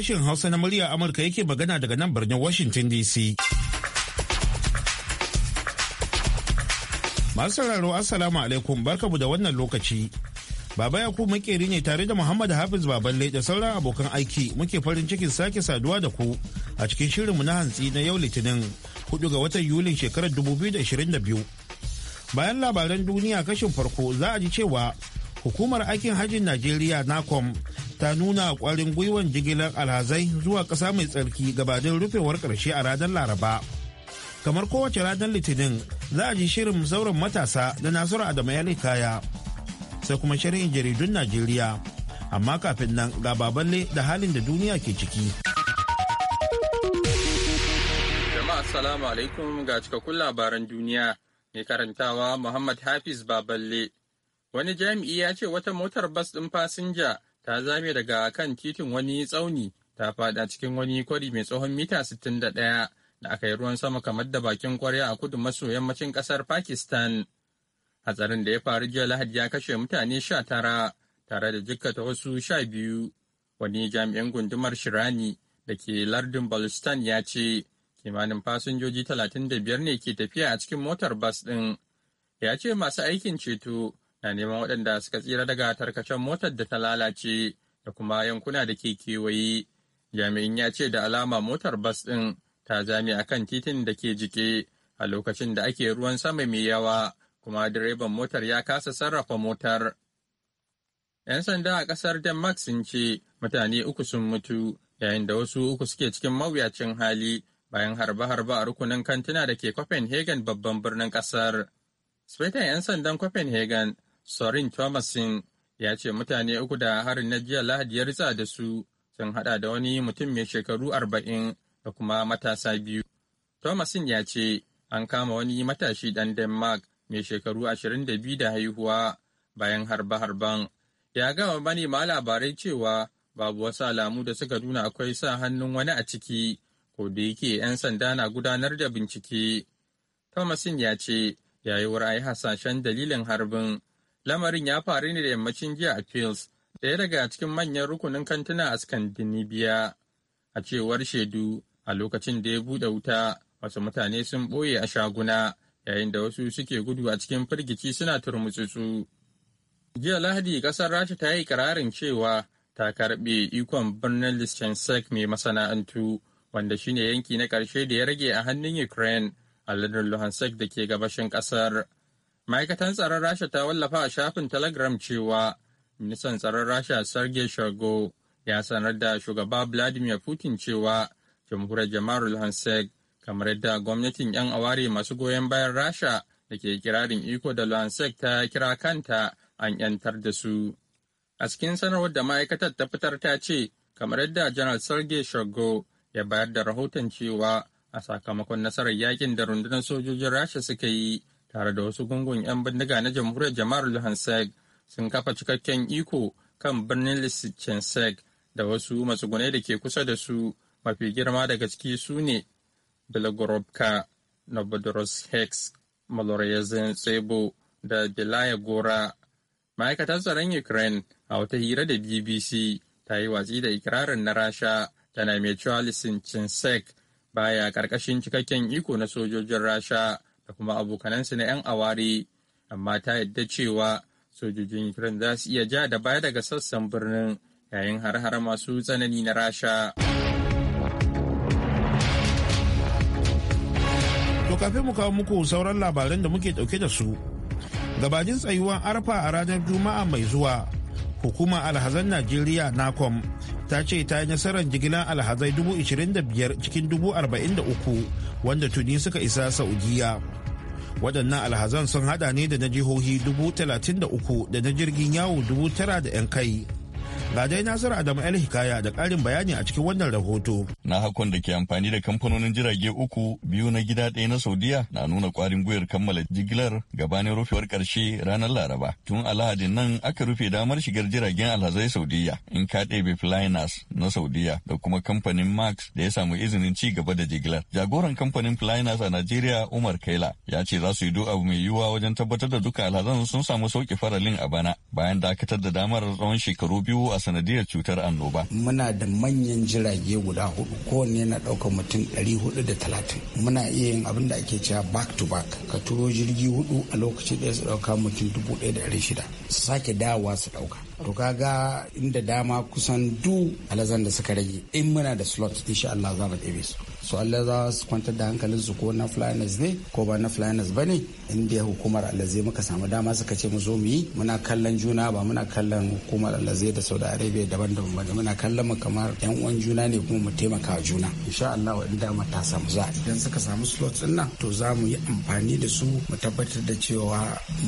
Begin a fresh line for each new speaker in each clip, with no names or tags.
sashen Hausa na murya Amurka yake magana daga nan birnin Washington DC. Masu sauraro Assalamu alaikum barkamu da wannan lokaci. Baba Yakubu makeri ne tare da Muhammad Hafiz Baballe da sauran abokan aiki muke farin cikin sake saduwa da ku a cikin shirinmu na hantsi na yau Litinin 4 ga watan Yulin shekarar 2022. Bayan labaran duniya kashin farko za a ji cewa hukumar aikin hajjin Najeriya NACOM ta nuna kwarin gwiwan jigilar alhazai zuwa ƙasa mai tsarki gabanin rufewar ƙarshe a ranar laraba kamar kowace ranar litinin za a ji shirin zauren matasa da nasiru adamu ya kaya sai kuma shirin jaridun najeriya amma kafin nan ga baballe da halin da duniya ke ciki
assalamu alaikum ga cikakkun labaran duniya mai karantawa muhammad hafiz baballe wani jami'i ya ce wata motar bas ɗin fasinja ta zame daga kan titin wani tsauni ta fada cikin wani kwari mai tsohon mita 61 da aka yi ruwan sama kamar da bakin kwarya a kudu maso yammacin kasar Pakistan. Hatsarin da ya faru jiya Lahadi ya kashe mutane sha tara tare da jikkata wasu sha biyu. Wani jami'in gundumar Shirani da ke lardin Balstan ya ce kimanin fasinjoji 35 ne ke tafiya a cikin motar bas ɗin. Ya ce masu aikin ceto na neman waɗanda suka tsira daga tarkacen motar da ta lalace da kuma yankuna da ke kewaye. Jami'in ya ce da alama motar bas ɗin ta zame a kan titin da ke jike a lokacin da ake ruwan sama mai yawa kuma direban motar ya kasa sarrafa motar. 'Yan sanda a ƙasar Denmark sun ce mutane uku sun mutu yayin da wasu uku suke cikin mawuyacin hali bayan harba-harba a rukunin kantuna da ke Copenhagen babban birnin ƙasar. Sweden 'yan sandan Copenhagen Sorin Thomasin ya ce mutane uku da harin na jiya Lahadi ya ritsa da su sun hada da wani mutum mai shekaru arba'in da kuma matasa biyu. Thomasin ya ce an kama wani matashi dan Denmark mai shekaru ashirin da biyu da haihuwa bayan harba-harban. Ya gama manema labarai cewa babu wasu alamu da suka nuna akwai sa hannun wani a ciki, ko da yake 'yan sanda na gudanar da bincike. Thomasin ya ce ya yi hasashen dalilin harbin Lamarin ya faru ne da yammacin jiya a Fils, ɗaya daga cikin manyan rukunin kantuna a Scandinavia. A cewar shaidu, a lokacin da ya buɗe wuta, wasu mutane sun ɓoye a shaguna, yayin da wasu suke gudu a cikin firgici suna turmutsutsu. Jiya Lahadi, ƙasar Rasha ta yi ƙirarin cewa ta karɓe ikon birnin Lichtenstein mai masana'antu, wanda shine yanki na ƙarshe da ya rage a hannun Ukraine a lardin Luhansk da ke gabashin ƙasar. Ma'aikatan tsaron Rasha ta wallafa a shafin Telegram cewa ministan tsaron Rasha Sergei shago ya sanar da shugaba Vladimir Putin cewa jamhuriyar Jamarul luhansk kamar yadda gwamnatin 'yan aware masu goyon bayan Rasha da ke kirarin iko da Luhansk ta kira kanta an 'yantar da su. A cikin sanarwar da ma'aikatar ta fitar ta ce kamar yadda Janar Sergei shago ya bayar da rahoton cewa a sakamakon nasarar yakin da rundunar sojojin Rasha suka yi tare da wasu gungun 'yan bindiga na jamhuriyar jama'ar Luhansk sun kafa cikakken iko kan birnin Lysychansk da wasu matsugunai da ke kusa da su mafi girma daga ciki su ne belgorodka Novodoroshex, Malorezin Tsebo da Belaya Gora. Ma'aikatar tsaron Ukraine a wata hira da BBC ta yi watsi da ikirarin na Rasha tana mai cewa Lysychansk baya ƙarƙashin cikakken iko na sojojin Rasha. da kuma abokanansa na 'yan aware amma ta yadda cewa sojojin ukraine za su iya ja da baya daga sassan birnin yayin har-har masu tsanani na rasha
to kafin mu kawo muku sauran labaran da muke dauke da su gabanin tsayuwar arfa a ranar juma'a mai zuwa hukuma alhazan najeriya nacom ta ce ta yi nasarar jigilar alhazai 25 cikin 43 wanda tuni suka isa saudiya waɗannan alhazan sun hada ne da na jihohi 33 da na jirgin yawo 9,000 da 'yan kai Ga dai Nasiru Adamu El Hikaya da ƙarin bayani a cikin wannan rahoto.
Na hakon da ke amfani da kamfanonin jirage uku biyu na gida ɗaya na Saudiya na nuna kwarin gwiwar kammala jigilar gabanin rufewar karshe ranar Laraba. Tun Alhadin nan aka rufe damar shigar jiragen alhazai Saudiya in ka ɗebe flyners na Saudiya da kuma kamfanin Max da ya samu izinin ci gaba da jigilar. Jagoran kamfanin flyners a Najeriya Umar Kaila ya ce za su yi dua abu mai yiwuwa wajen tabbatar da duka alhazan sun samu sauƙi faralin a bana bayan dakatar da damar tsawon shekaru biyu a sanadiyar cutar annoba.
Muna da manyan jirage guda hudu kowanne na ɗaukar mutum ɗari hudu da talatin. Muna iya yin abin da ake cewa back to back ka turo jirgi hudu a lokaci ɗaya su ɗauka mutum dubu ɗaya da ɗari shida su sake dawa su ɗauka. to kaga inda dama kusan du alazan da suka rage in muna da slot insha Allah za mu ɗebe su su Allah za su kwantar da hankalin su ko na flyers ne ko ba na flyers ba ne inda hukumar alazai muka samu dama suka ce mu zo mu yi muna kallon juna ba muna kallon hukumar alazai da saudi arabia daban daban ba muna kallon mu kamar yan uwan juna ne kuma mu taimaka juna insha Allah wa inda matasa samu za idan suka samu slot din nan to za mu yi amfani da su mu tabbatar da cewa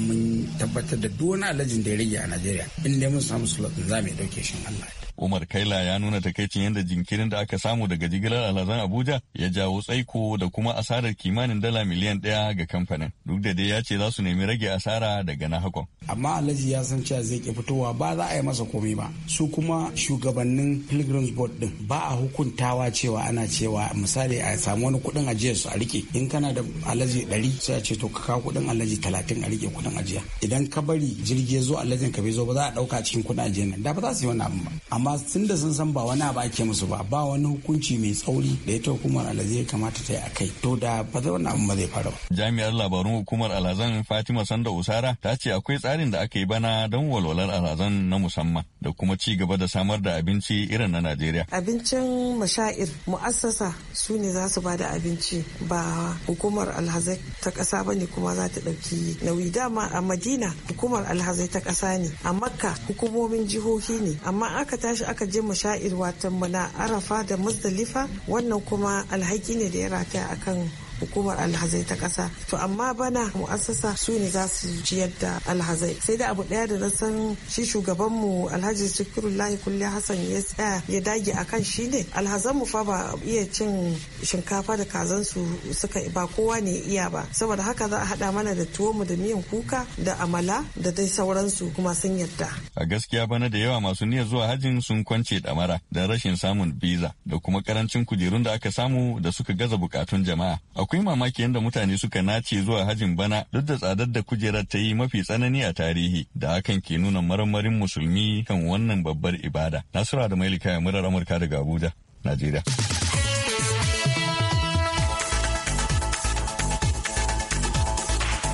mun tabbatar da duk wani alajin da ya rage a Najeriya in dai mun samu slot za mu dauke shi Allah
Umar Kaila ya nuna takaicin yadda jinkirin da aka samu daga jigilar alhazan Abuja ya jawo tsaiko da kuma asarar kimanin dala miliyan ɗaya ga kamfanin. Duk da dai ya ce za su nemi rage asara daga na hakon.
Amma Alhaji ya san cewa zai ke fitowa ba za a yi masa komai ba. Su kuma shugabannin Pilgrims Board din ba a hukuntawa cewa ana cewa misali a samu wani kuɗin ajiyar su a rike. In kana da Alhaji ɗari sai a ce to ka kawo kuɗin Alhaji talatin a rike kuɗin ajiya. Idan ka bari jirgi ya zo Alhaji ka bai zo ba za a ɗauka cikin kuɗin ajiyar nan. Da ba za su yi wannan abin ba. Amma amma tun da sun san ba wani abu ake musu ba ba wani hukunci mai tsauri da ita hukumar alhazi ya kamata ta yi a kai to
da ba zai wani abu ba zai fara ba. jami'ar labarun hukumar alhazan fatima sanda usara ta ce akwai tsarin da aka yi bana don walwalar alhazan na musamman da kuma ci gaba da samar da abinci irin na najeriya.
abincin mashair mu'assasa su ne za su ba da abinci ba hukumar alhazai ta ƙasa ba ne kuma za ta ɗauki nauyi dama a madina hukumar alhazai ta ƙasa ne a makka hukumomin jihohi ne amma aka tashi tashi aka je mu watan mu na arafa da muzdalifa wannan kuma alhaki ne da ya rataya akan hukumar alhazai ta kasa to amma bana mu'assasa su ne za su ciyar da alhazai sai da abu daya da na san shi shugaban mu alhaji sikirullahi kulli hassan ya tsaya ya dage akan shi ne alhazan mu fa ba iya cin shinkafa da kazan su suka ba kowa ne iya ba saboda haka za a haɗa mana da tuwo mu da miyan kuka da amala da dai sauransu kuma sun yadda
a gaskiya bana da yawa masu niyyar zuwa hajjin sun kwance damara da rashin samun biza da kuma karancin kujerun da aka samu da suka gaza bukatun jama'a akwai mamaki yadda mutane suka nace zuwa hajin bana duk da tsadar da kujerar ta yi mafi tsanani a tarihi da hakan ke nuna marmarin musulmi kan wannan babbar ibada nasura da mailika ya murar amurka daga abuja najeriya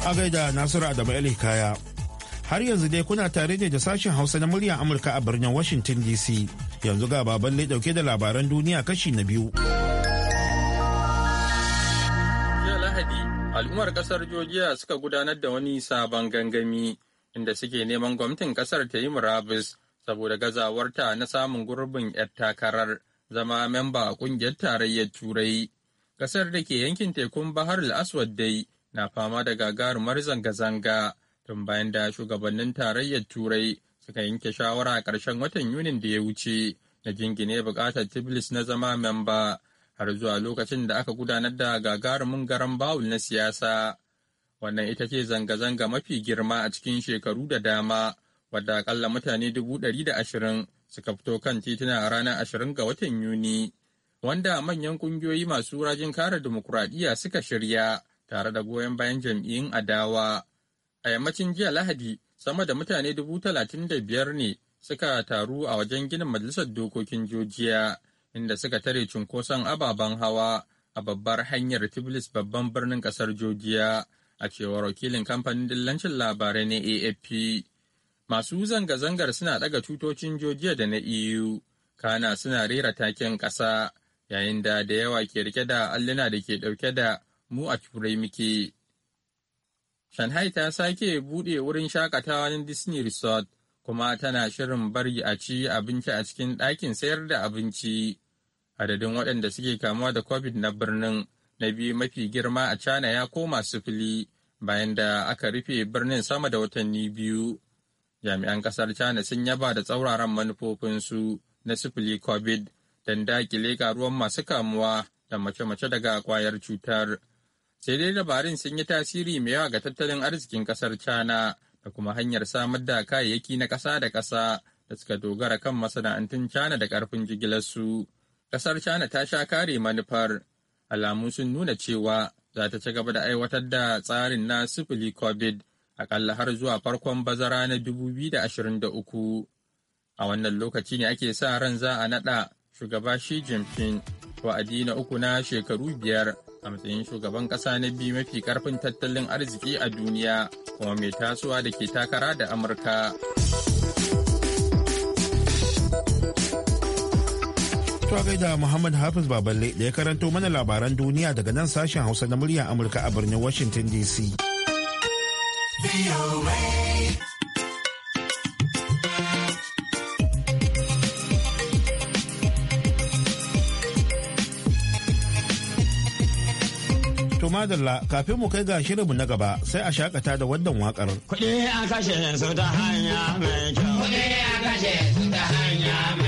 a gaida nasiru adamu kaya har yanzu dai kuna tare ne da sashen hausa na muryar amurka a birnin washington dc yanzu ga baban dauke da labaran duniya kashi na biyu.
Al'ummar kasar Georgia suka gudanar da wani sabon gangami inda suke neman gwamnatin kasar ta yi murabus saboda gazawarta na samun gurbin 'yar takarar zama memba a kungiyar tarayyar Turai. Kasar da ke yankin tekun Bahar al-Aswad dai na fama da gagarumar zanga-zanga tun bayan da shugabannin tarayyar Turai suka yanke shawara a ƙarshen watan Yunin da ya wuce na jingine buƙatar Tiblis na zama memba har zuwa lokacin da aka gudanar da gagarumin garan bawul na siyasa. Wannan ita ce zanga-zanga mafi girma a cikin shekaru da dama, wadda akalla mutane dubu ɗari da ashirin suka fito kan tituna a ranar ashirin ga watan Yuni, wanda manyan ƙungiyoyi masu rajin kare dimokuraɗiyya suka shirya tare da goyon bayan jam'iyyun adawa. A yammacin jiya Lahadi, sama da mutane dubu talatin da biyar ne suka taru a wajen ginin Majalisar Dokokin Jojiya inda suka tare cunkoson ababen hawa a babbar hanyar tiblis babban birnin kasar Jojiya a cewar wakilin kamfanin dillancin labarai na AFP. Masu zanga-zangar suna daga tutocin Jojiya da na EU, kana suna rera taken ƙasa yayin da da yawa ke rike da alluna da ke ɗauke da mu a turai muke. Shanghai ta sake buɗe wurin shakatawa na Disney Resort kuma tana shirin bari a ci abinci a cikin ɗakin sayar da abinci. adadin waɗanda suke kamuwa da covid na birnin na biyu mafi girma a china ya koma sifili bayan da aka rufe birnin sama da watanni biyu jami'an kasar china sun yaba da tsauraran manufofinsu na sifili covid don dakile karuwan masu kamuwa da mace-mace daga kwayar cutar sai dai dabarun sun yi tasiri mai yawa ga tattalin arzikin kasar china da kuma hanyar samar da kayayyaki na ƙasa da ƙasa da suka dogara kan masana'antun china da ƙarfin jigilarsu. su Ƙasar China ta sha kare manufar alamu sun nuna cewa za ta ci gaba da aiwatar da tsarin na sifili COVID akalla har zuwa farkon bazara na 2023. A wannan lokaci ne ake sa ran za a naɗa shugaba Xi Jinping wa'adi na uku na shekaru biyar a matsayin shugaban ƙasa na biyu mafi karfin tattalin arziki a duniya kuma mai tasowa da ke takara da Amurka.
To gaida Muhammad Hafiz Baballe da ya karanto mana labaran duniya daga nan sashen Hausa na muryar Amurka a birnin Washington DC. madalla kafin mu kai ga shirinmu na gaba sai a shakata da wannan wakar. Kuɗi a kashe
su ta hanya mai kyau. Kuɗi a kashe su ta hanya mai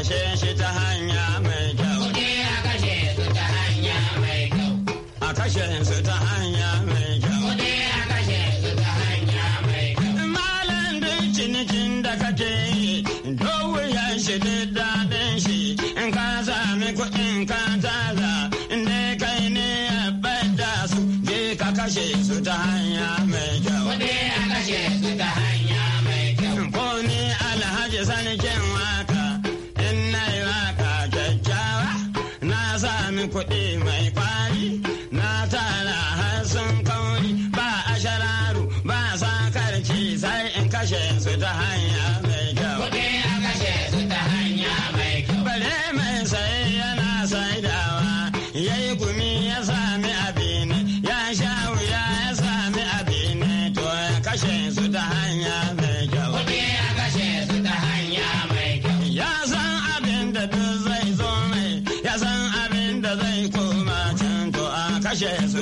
kashe shi ta hanya mai kyau. Kuɗi a kashe su ta hanya mai kyau. A kashe su ta hanya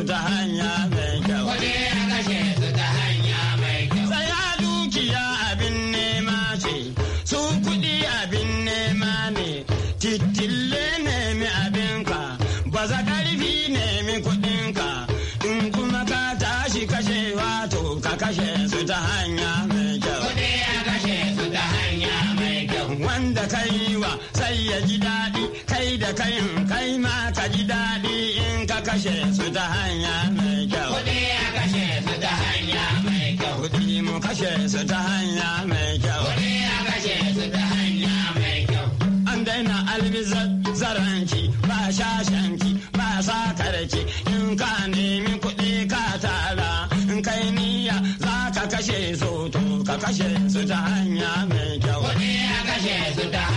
su ta hanya mai kyau. Kuɗi a kashe su ta hanya mai kyau. Tsaya dukiya abin nema ce, su kuɗi abin nema ne, titille nemi abinka, baza ƙarfi nemi kuɗinka, in kuma ka tashi kashe wato ka kashe su ta hanya mai kyau. Kuɗi a kashe su ta hanya mai kyau. Wanda kai wa sai ya ji daɗi, kai da kai kai ma ka ji kashe su ta hanya mai kyau. Ku a kashe su ta hanya mai kyau. Kuɗi mu kashe su ta hanya mai kyau. Kuɗi a kashe su ta hanya mai kyau. An daina almizazzaranki ba shashanki ba satarki in ka nemi kuɗi ka tara in kai niyya za ka kashe su to ka kashe su ta hanya mai kyau. Kuɗi a kashe su ta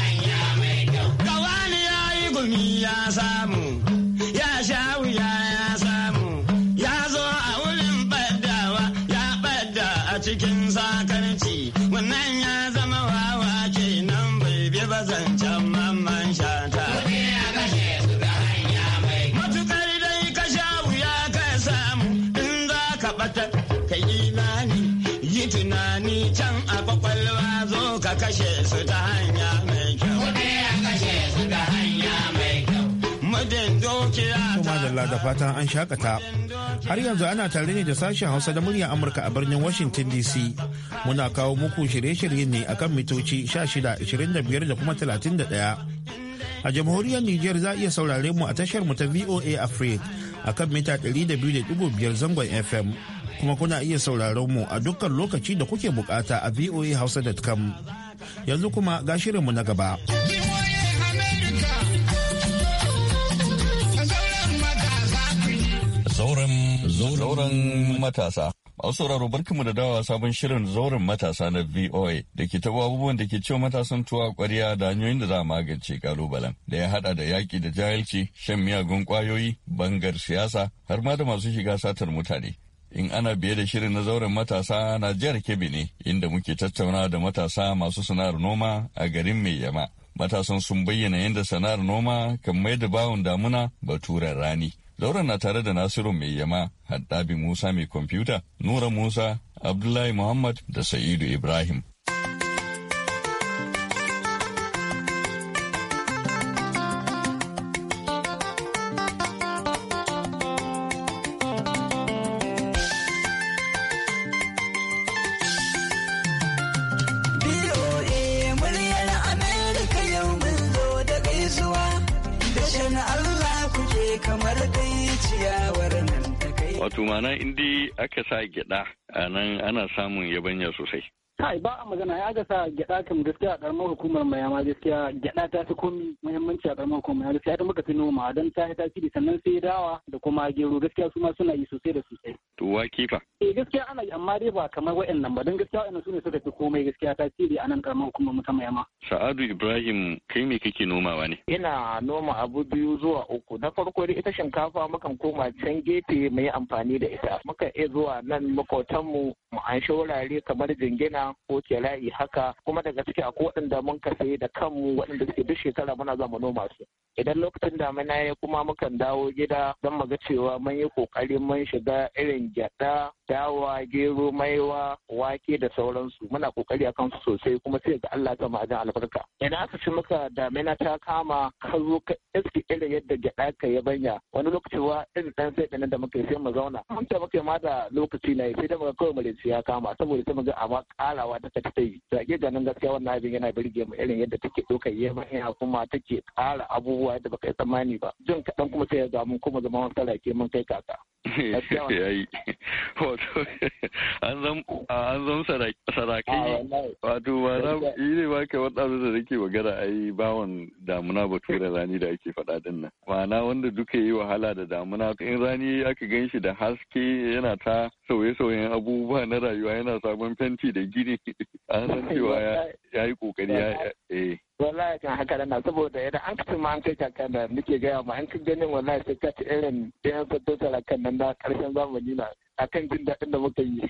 kashe su ta hanya mai kyau. Kuɗi a kashe su ta hanya mai kyau. Mudin dukiya ta Madalla da
fatan an shakata. Har yanzu ana tare ne da sashen Hausa da murya Amurka a birnin Washington DC. Muna kawo muku shirye-shirye ne akan mitoci 16, 25 da kuma 31. a jamhuriyar Nijar za iya saurare mu a tashar mu ta VOA Africa a kan mita 200.5 zangon FM kuma kuna iya sauraron mu a dukkan lokaci da kuke bukata a voahausa.com yanzu kuma ga shirinmu na gaba.
Zauren matasa. Masu sauraro barkamu da dawa sabon shirin zauren matasa na VOA da ke taɓa abubuwan da ke cewa matasan tuwa ƙwarya da hanyoyin da za a magance kalubalen da ya haɗa da yaƙi da jahilci, shan miyagun ƙwayoyi, bangar siyasa, har ma da masu shiga satar mutane. in ana biye da shirin na zauren matasa na jihar kebbi ne inda muke tattauna da matasa masu sana'ar noma a garin mai yama matasan sun bayyana yadda sana'ar noma kan mai da bawon damuna baturen rani zauren na tare da nasiru mai yama haddabi musa mai kwamfuta nura musa abdullahi muhammad da sa'idu ibrahim aka sa gyada a nan ana samun yabanya sosai
kai ba a magana ya ga sa gyada kam gaskiya a karamar hukumar mai amma gaskiya gyada ta fi komi muhimmanci a karamar hukumar gaskiya ta muka fi noma don ta yi tasiri sannan sai dawa da kuma gero gaskiya su ma suna yi sosai da sosai
to wa kifa
eh gaskiya ana yi amma dai ba kamar wayannan
ba don gaskiya su ne suka fi komai gaskiya tasiri a nan karamar hukumar mu ta mai amma.
Sa'adu Ibrahim kai me kake nomawa ne
ina noma abu biyu zuwa uku na farko dai ita shinkafa mukan koma can gefe mu yi amfani da ita Muka iya zuwa nan makotanmu mu an wurare kamar jingina ko ko kela'i haka kuma daga ciki akwai waɗanda mun ka da kanmu waɗanda suke duk shekara muna zama noma su idan lokacin damina ya kuma mukan dawo gida don muga ga cewa mun yi kokari mun shiga irin gyada dawa gero maiwa wake da sauransu muna kokari akan su sosai kuma sai ga Allah ta ma'ajin albarka
idan aka ci muka
damina ta kama ka zo ka iske irin yadda gyada ka ya banya wani lokaci wa irin dan sai da muka sai mu zauna mun ta muke ma da lokaci na sai da muka kawai mu ya kama saboda ta muga amma karawa ta ta ta yi ganin gaskiya wannan abin yana birge mu irin yadda take dokar yema kuma take kara abu abubuwa da baka yi tsammani ba jin kaɗan kuma sai ya ga mun kuma zama wani talake mun kai kaka.
an zan sarakai wato ba za yi ne ba ka wata da nake magana yi bawan damuna bature rani da ake faɗa din nan ma'ana wanda duka yi wahala da damuna in rani aka gan shi da haske yana ta sauye-sauyen abubuwa na rayuwa yana sabon fenti da gini an san cewa ya yi kokari ya eh.
wallahi kan haka na saboda idan an kasu ma an kai kaka da nake gaya ma an kan ganin wallahi sai ka ci irin yan fito kan nan na karshen zamani na akan jin daɗin da muka yi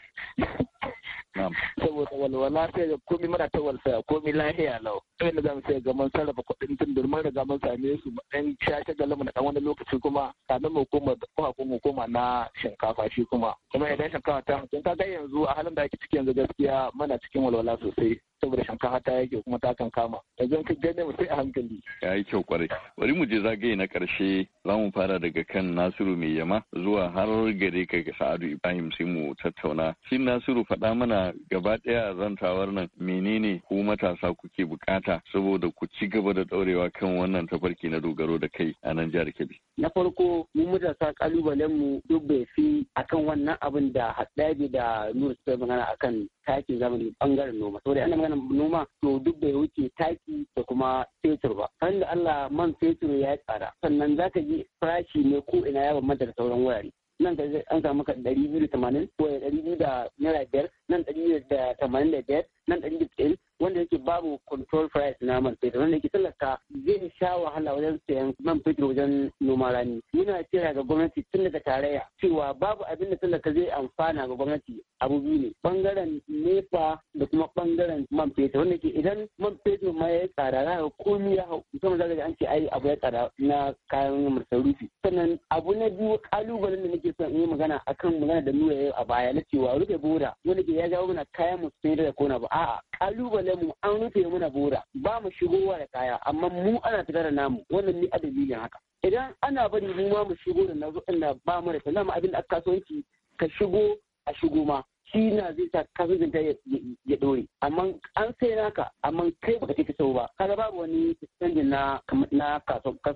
saboda
walwala sai ga komi mara ta komi lahiya lau sai da zamu sai ga mun sarrafa kuɗin tun da mun riga mun same su dan shashe ga lamu dan wani lokaci kuma kamin mu koma kuma kuma mu koma na shinkafa shi kuma kuma idan shinkafa ta kun ka ga yanzu a halin da ake ciki yanzu gaskiya muna cikin walwala sosai saboda shinkafa ta yake kuma ta kan kama yanzu ka gane mu sai a hankali
yayi kyau kwarai bari mu je zagaye na karshe za mu fara daga kan Nasiru mai yama zuwa har gare ka Sa'adu Ibrahim sai mu tattauna shin Nasiru faɗa mana gaba ɗaya zantawar nan menene ku matasa kuke bukata saboda ku ci gaba da ɗaurewa kan wannan tafarki na dogaro da kai a nan jihar Kebbi.
Na farko mu matasa kalubalen mu duk bai fi akan wannan abin da haɗabi da nur suka magana akan taki zamani bangaren noma. Saboda ana magana noma to duk bai wuce taki da kuma fetur ba. Kan da Allah man fetur ya tsada sannan zaka ji farashi ne ko ina ya bambanta da sauran wurare. nan ka an samu ka ɗari biyu da tamanin ko ɗari biyu da naira biyar nan ɗari da tamanin da biyar nan ɗari da tsayin wanda yake babu control price na man fetur wanda yake talaka zai sha wahala wajen sayan man fetur wajen noma rani muna kira ga gwamnati tun daga tarayya cewa babu abin da talaka zai amfana ga gwamnati abu biyu ne bangaren nepa da kuma bangaren man fetur wanda ke idan man fetur ma ya tsada za ka komi ya hau musamman za ga an ce ai abu ya tsada na kayan masarufi sannan abu na biyu kalubalen da nake son in yi magana akan magana da nuna a baya na cewa rufe boda wanda ke ya jawo mana kayan musulmi da kona ba a'a kalubale mu an rufe muna bora ba mu shigowa da kaya amma mu ana fitar da namu wannan ni adabi ne haka idan ana bari mu ma mu shigo da nazo ina ba mu da salama abin da aka kasuwanci ka shigo a shigo ma shi na zai sa kasuwancin ta ya dore amma an sai naka amma kai baka ce ka sau ba kaga babu wani canjin na na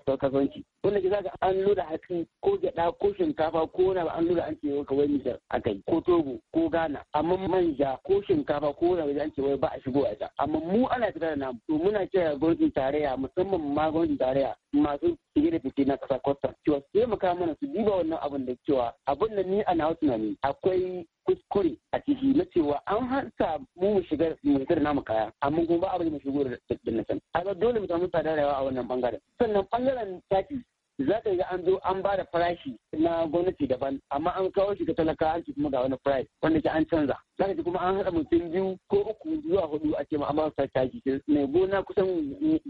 kasuwanci wanda ke zaka an loda hatsi ko gyada ko shinkafa ko wani an loda an ce ka wai Nijar akai ko Togo ko Ghana amma manja ko shinkafa ko wani an ce wai ba a shigo a ita amma mu ana fitar da namu to muna cewa gwamnatin tarayya musamman ma gwamnatin tarayya masu shige da fice na kasa kwastam cewa sai mu kawo mana su diba wannan abin da cewa abin da ni a na tunani akwai kuskure a ciki na cewa an hasa mu mu shiga mu shigar namu kaya amma kuma ba a bari mu shigo da na can a dole mu samu tsada rayuwa a wannan bangaren sannan bangaren taki za ka ga an zo an ba da farashi na gwamnati daban amma an kawo shi ga talaka an ci kuma ga wani price wanda ke an canza za ka ji kuma an haɗa mutum biyu ko uku zuwa hudu a ce amma sa taki mai gona kusan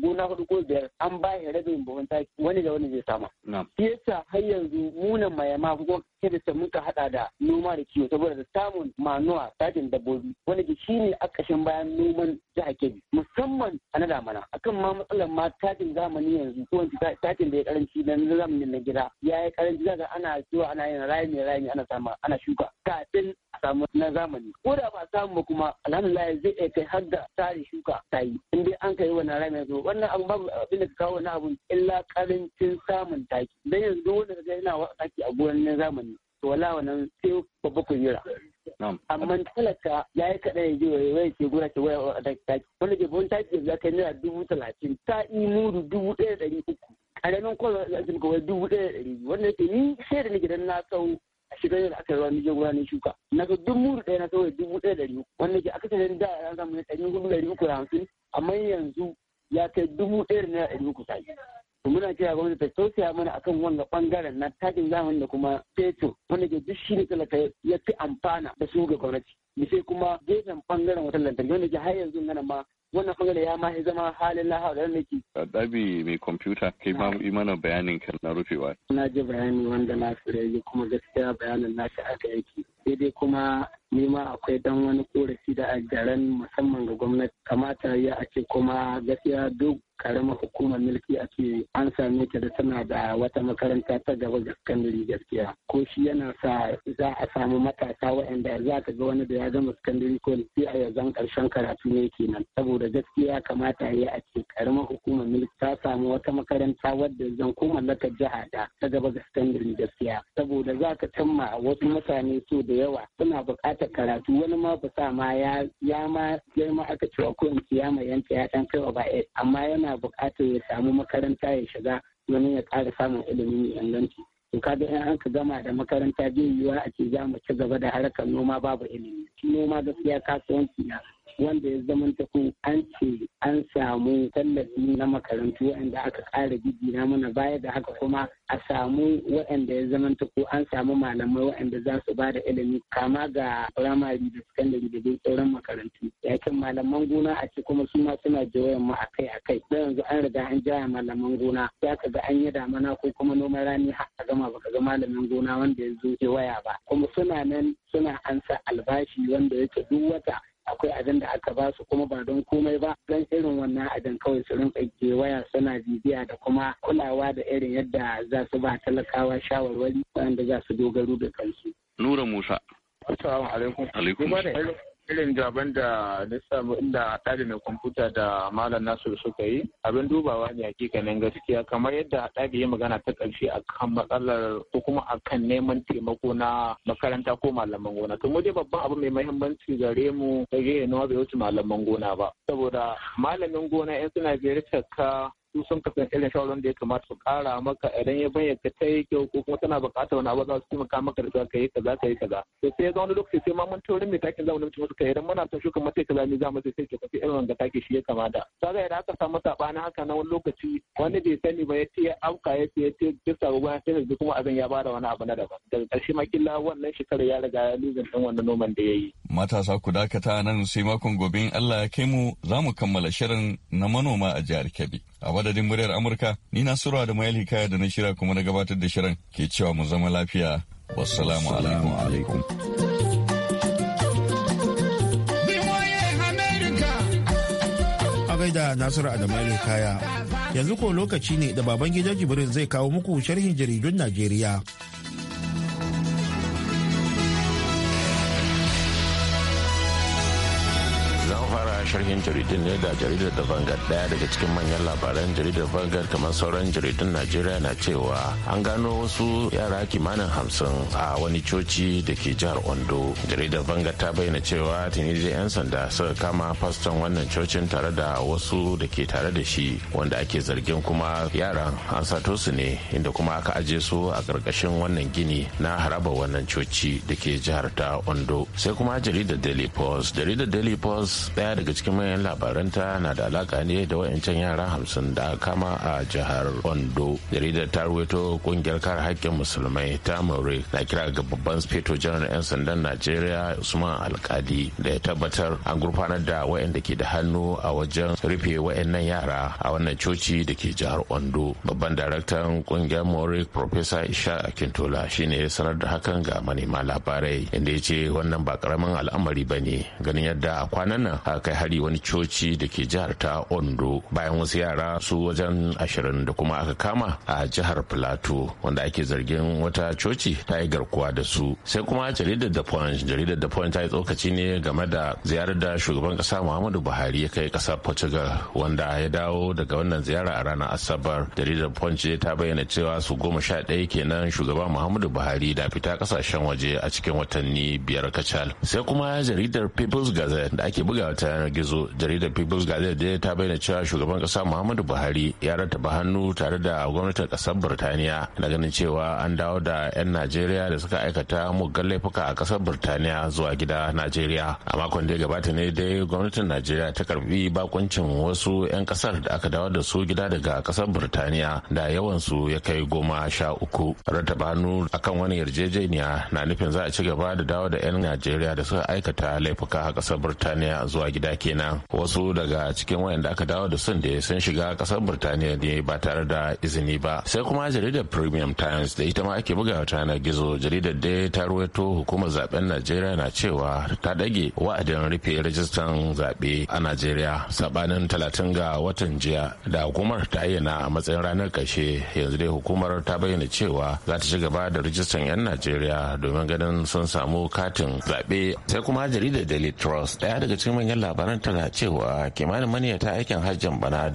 gona hudu ko biyar an ba ya rabin buhun taki wani da wani zai sama. Shi yasa har yanzu munan mayama ko kada da muka haɗa da noma da kiwo saboda samun manuwa takin dabbobi wani ke ne a ƙashin bayan noman jiha Kebbi musamman a na damana akan ma matsalar ma takin zamani yanzu ko takin da ya karanci na zamanin na gida ya yi karanci daga ana zuwa ana yin rami rami ana sama ana shuka kafin samu na zamani ko da ba samu kuma alhamdulillah zai iya kai har da tare shuka ta yi in dai an kai wannan rami zo wannan abu babu abin da ka kawo wani abun illa karancin samun taki dan yanzu duk wanda kaga yana wa taki a gonan na zamani to wala wannan sai babba kujera amma talaka ya yi kaɗa ya je wa yawai ke gura ke waya a taki wanda ke bon taki ya kai naira dubu talatin ta yi mudu dubu ɗaya da ɗari uku ƙaramin kwallo da asibiti kawai dubu ɗaya da ɗari wanda ke ni sai da ni gidan na sau shekarar da aka yi wani jagoya ne shuka na ga duk muru ɗaya na kawai dubu ɗaya ɗari uku wanda ke akasarin da ya samu ɗari hudu ɗari uku da hamsin amma yanzu ya kai dubu ɗaya da naira ɗari uku sai to muna kira gwamnati ta tausaya mana akan wannan bangaren na takin zamani da kuma fetur wanda ke duk shi ne talaka ya fi amfana da su ga gwamnati sai kuma gefen bangaren wutar lantarki wanda ke har yanzu nan ma wannan bangare ya ma zama halin laha da nake.
Ɗabi mai kwamfuta kai ma yi mana bayanin kan na rufewa.
Na ji bayani wanda na fure kuma gaskiya bayanin shi aka yake. Sai dai kuma nima akwai dan wani korafi da a musamman ga gwamnati kamata ya ake kuma gaskiya duk karamar hukumar mulki a an same ta da tana da wata makaranta ta gaba ga sakandare gaskiya ko shi yana sa za a samu matasa waɗanda za ka ga wani da ya zama sakandare ko sai a yanzan karshen karatu ne kenan saboda gaskiya kamata ya a ce karamar hukumar mulki ta samu wata makaranta wadda zan ko mallakar jiha da ta gaba ga sakandare gaskiya saboda za ka cimma wasu mutane so da yawa suna buƙatar karatu wani ma ba sa ma ya ma ya ma aka cewa ko in ya ma yanta ya ɗan kaiwa ba amma yana yana buƙatar ya samu makaranta ya shiga domin ya ƙara samun ilimin inganci to kaga in an ka gama da makaranta zai yiwuwa a ce za mu ci gaba da harkar noma babu ilimi noma gaskiya kasuwanci na wanda ya zama ku an ce an samu tallafi na makarantu waɗanda aka ƙara na mana baya da haka kuma a samu waɗanda ya zama ku an samu malamai waɗanda za su ba da ilimi kama ga firamare da sakandare da dai sauran makarantu yakin malaman gona a ce kuma su ma suna jawayen mu akai akai da yanzu an riga an jaya malaman gona za ka ga an yi damana ko kuma noman rani har a gama baka ga malamin gona wanda ya zo waya ba kuma suna nan suna ansa albashi wanda yake duk wata akwai abin da aka ba su kuma ba don komai ba don irin wannan abin kawai su rinka waya suna bibiya da kuma kulawa da irin yadda za su ba talakawa shawarwari wanda
za su dogaro da kansu. Nura Musa. Assalamu alaikum. Alaikum. irin
gaban da na samu inda haɗari mai kwamfuta da malam nasu suka yi abin dubawa ne hakikanin gaskiya kamar yadda haɗari ya magana ta ƙarshe akan matsalar ko kuma akan neman taimako na makaranta ko malaman gona to mu dai babban abu mai mahimmanci gare mu ga yi nawa bai wuce malaman gona ba saboda malamin gona yan suna biyar ka su sun kasan irin shawarar da ya kamata su kara maka idan ya bayyana ka ta yi kyau ko kuma tana bukatar wani abu za su taimaka maka da ka yi kaza ka yi kaza to sai ya zama lokaci sai ma mun tori mai takin zamu mutum suka idan muna son shuka mata kaza ne mu sai sai ka irin wanda take shi ya kamata kaga idan aka samu sabani haka na wani lokaci wani bai sani ba ya ce ya auka ya ce ya ce duk sabo bayan sai da kuma azan ya bada wani abu na daban daga ƙarshe ma killa wannan shekarar ya riga ya luzin ɗin wannan noman da ya yi.
matasa ku dakata nan sai makon gobe in Allah ya kai mu za mu kammala shirin na manoma a jihar Kebbi a madadin muryar Amurka, ni na Surwa da mayal Hikaya da na shira kuma na gabatar da shirin ke cewa mu zama lafiya. Wassalamu alaikum.
da Nasiru Adamu Ali Kaya. Yanzu ko lokaci ne da baban gida Jibrin zai kawo muku sharhin jaridun Najeriya.
Zan fara sharhin jaridun ne da jaridar da vangard daya daga cikin manyan labaran jaridar vangard kamar sauran jaridun najeriya na cewa an gano wasu yara kimanin hamsin a wani coci da ke jihar ondo jaridar vangard ta bayyana cewa tunisia 'yan sanda suka kama faston wannan cocin tare da wasu da ke tare da shi wanda ake zargin kuma yaran an sato su ne inda kuma aka aje su a karkashin wannan gini na haraba wannan coci da ke jihar ta ondo sai kuma jaridar daily post jaridar daily post daya daga cikin manyan labaranta na da alaka ne da wayancan yara hamsin da kama a jihar ondo jaridar ta ruwaito kungiyar kare haƙƙin musulmai ta more na kira ga babban speto janar 'yan sandan najeriya usman alkali da ya tabbatar an gurfanar da wayanda ke da hannu a wajen rufe wayannan yara a wannan coci da ke jihar ondo babban daraktan kungiyar more professor isha akintola shine ya sanar da hakan ga manema labarai inda ya ce wannan ba karamin al'amari ba ne ganin yadda a kwanan nan aka kai hari wani coci da ke jihar ta ondo bayan wasu yara su wajen ashirin da kuma aka kama a jihar plateau wanda ake zargin wata coci ta yi garkuwa da su sai kuma jaridar da point jaridar da point ta yi tsokaci ne game da ziyarar da shugaban kasa muhammadu buhari ya kai kasar portugal wanda ya dawo daga wannan ziyara a ranar asabar jaridar punch ta bayyana cewa su goma sha ɗaya kenan shugaban muhammadu buhari da fita kasashen waje a cikin watanni biyar kacal sai kuma jaridar people's gazette da ake buga ta yanar gizo jaridar people's gazette dai ta bayyana cewa shugaban kasa muhammadu buhari ya rattaba hannu tare da gwamnatin kasar birtaniya na ganin cewa an dawo da 'yan najeriya da suka aikata muggan laifuka a kasar birtaniya zuwa gida najeriya a makon da ya gabata ne dai gwamnatin najeriya ta karbi bakuncin wasu 'yan kasar da aka dawo da su gida daga kasar birtaniya da yawansu ya kai goma sha uku rattaba hannu akan wani yarjejeniya na nufin za a ci gaba da dawo da 'yan najeriya da suka aikata laifuka a kasar birtaniya zuwa gida kenan wasu daga cikin wayanda aka dawo da sun da sun shiga kasar birtaniya ne ba tare da izini ba sai kuma jaridar premium times da ita ma ake buga ta na gizo jaridar da ta ruwaito hukumar zaben najeriya na cewa ta dage wa'adin rufe rajistan zaɓe a najeriya sabanin talatin ga watan jiya da hukumar ta ayyana a matsayin ranar ƙarshe yanzu dai hukumar ta bayyana cewa za ta ci gaba da rajistan 'yan najeriya domin ganin sun samu katin zaɓe sai kuma jaridar daily trust ɗaya daga cikin manyan labaran. labaran tana cewa kimanin maniyata aikin hajjin bana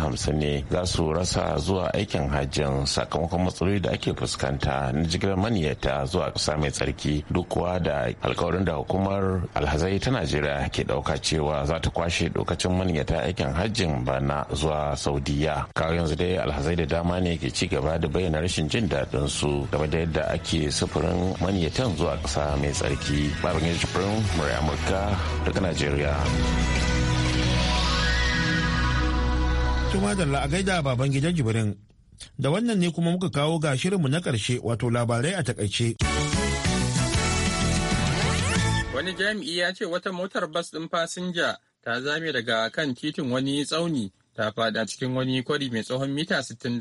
hamsin ne za su rasa zuwa aikin hajjin sakamakon matsaloli da ake fuskanta na jigilar maniyata zuwa ƙasa mai tsarki duk kuwa da alkawarin da hukumar alhazai ta najeriya ke ɗauka cewa za ta kwashe dokacin maniyata aikin hajjin bana zuwa saudiya kawo yanzu dai alhazai da dama ne ke ci gaba da bayyana rashin jin daɗin su game da yadda ake sufurin maniyatan zuwa ƙasa mai tsarki babin yajibirin murai amurka daga najeriya najeriya
tumadalla a gaida baban gidan jibirin da wannan ne kuma muka kawo ga shirinmu na ƙarshe wato labarai a takaice
wani jami'i ya ce wata motar bas ɗin fasinja ta zame daga kan titin wani tsauni ta fada cikin wani kwari mai tsawon mita 61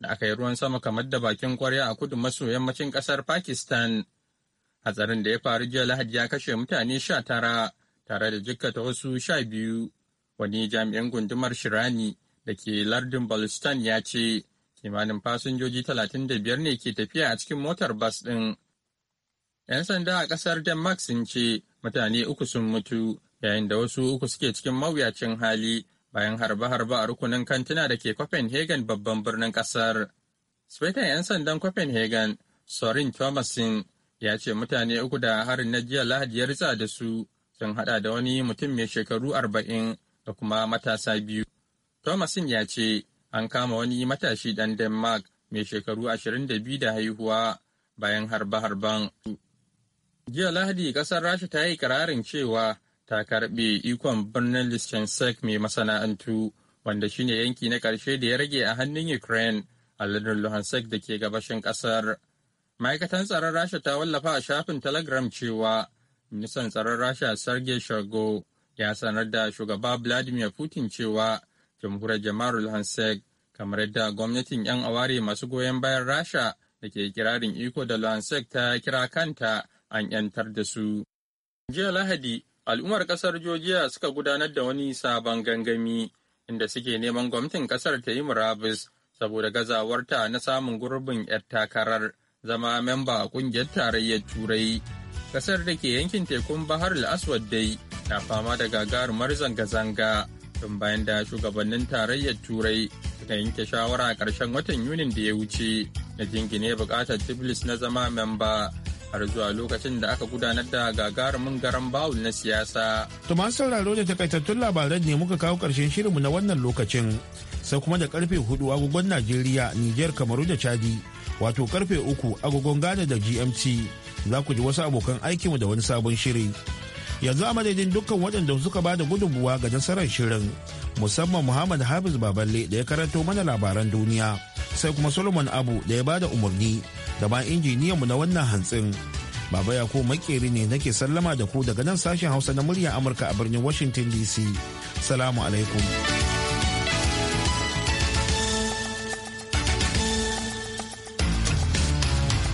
da aka yi ruwan sama kamar da bakin kwarya a kudu maso yammacin ƙasar pakistan hatsarin da ya faru jiya lahadi ya kashe mutane sha tara tare da jikkata wasu sha biyu wani jami'an gundumar shirani da ke lardin balistan ya ce kimanin fasinjoji 35 ne ke tafiya a cikin motar bas ɗin. 'yan sanda a ƙasar denmark sun ce mutane uku sun mutu yayin da wasu uku suke cikin mawuyacin hali bayan harba harba a rukunin kantuna da ke copenhagen babban birnin ƙasar. sweden 'yan sandan copenhagen sorin thomasin ya ce mutane uku da harin na jiya lahadi ya da su sun hada da wani mutum mai shekaru arba'in da kuma matasa biyu. Thomasin ya ce an kama wani matashi ɗan Denmark mai shekaru ashirin da biyu da haihuwa bayan harba-harban. Jiya Lahadi ƙasar Rasha ta yi kirarin cewa ta karɓe ikon birnin Lichtenstein mai masana'antu wanda shine yanki na ƙarshe da ya rage a hannun Ukraine a lardin Luhansk da ke gabashin ƙasar. Ma'aikatan tsaron Rasha ta wallafa a shafin Telegram cewa ministan tsaron rasha sergei shogo ya sanar da shugaba vladimir putin cewa jamhuriyar jamarul hansek kamar yadda gwamnatin 'yan aware masu goyon bayan rasha da ke kirarin iko da lansek ta kira kanta an 'yantar da su jiya lahadi al'ummar kasar georgia suka gudanar da wani sabon gangami inda suke neman gwamnatin kasar ta yi murabus saboda gazawarta na samun gurbin 'yar takarar zama memba a kungiyar tarayyar turai kasar da ke yankin tekun bahar al-aswad dai na fama da gagarumar zanga-zanga tun bayan da shugabannin tarayyar turai suka yanke shawara a ƙarshen watan yunin da ya wuce na jingine bukatar tiblis na zama memba har zuwa lokacin da aka gudanar da gagarumin garan bawul na siyasa.
To masu sauraro da takaitattun labaran ne muka kawo ƙarshen shirinmu na wannan lokacin. Sai kuma da karfe hudu agogon Najeriya, Nijar, Kamaru da Chadi, wato karfe uku agogon Ghana da GMT. za ku ji wasu abokan aikinmu da wani sabon shiri. Yanzu a madadin dukkan waɗanda suka ba da gudunmuwa ga nasarar shirin musamman Muhammad Hafiz Baballe da ya karanto mana labaran duniya sai kuma Solomon Abu da ya ba da umarni da ma injiniyanmu na wannan hantsin. Baba Yakubu makeri ne nake sallama da ku daga nan sashen Hausa na murya Amurka a birnin Washington DC. Salamu alaikum.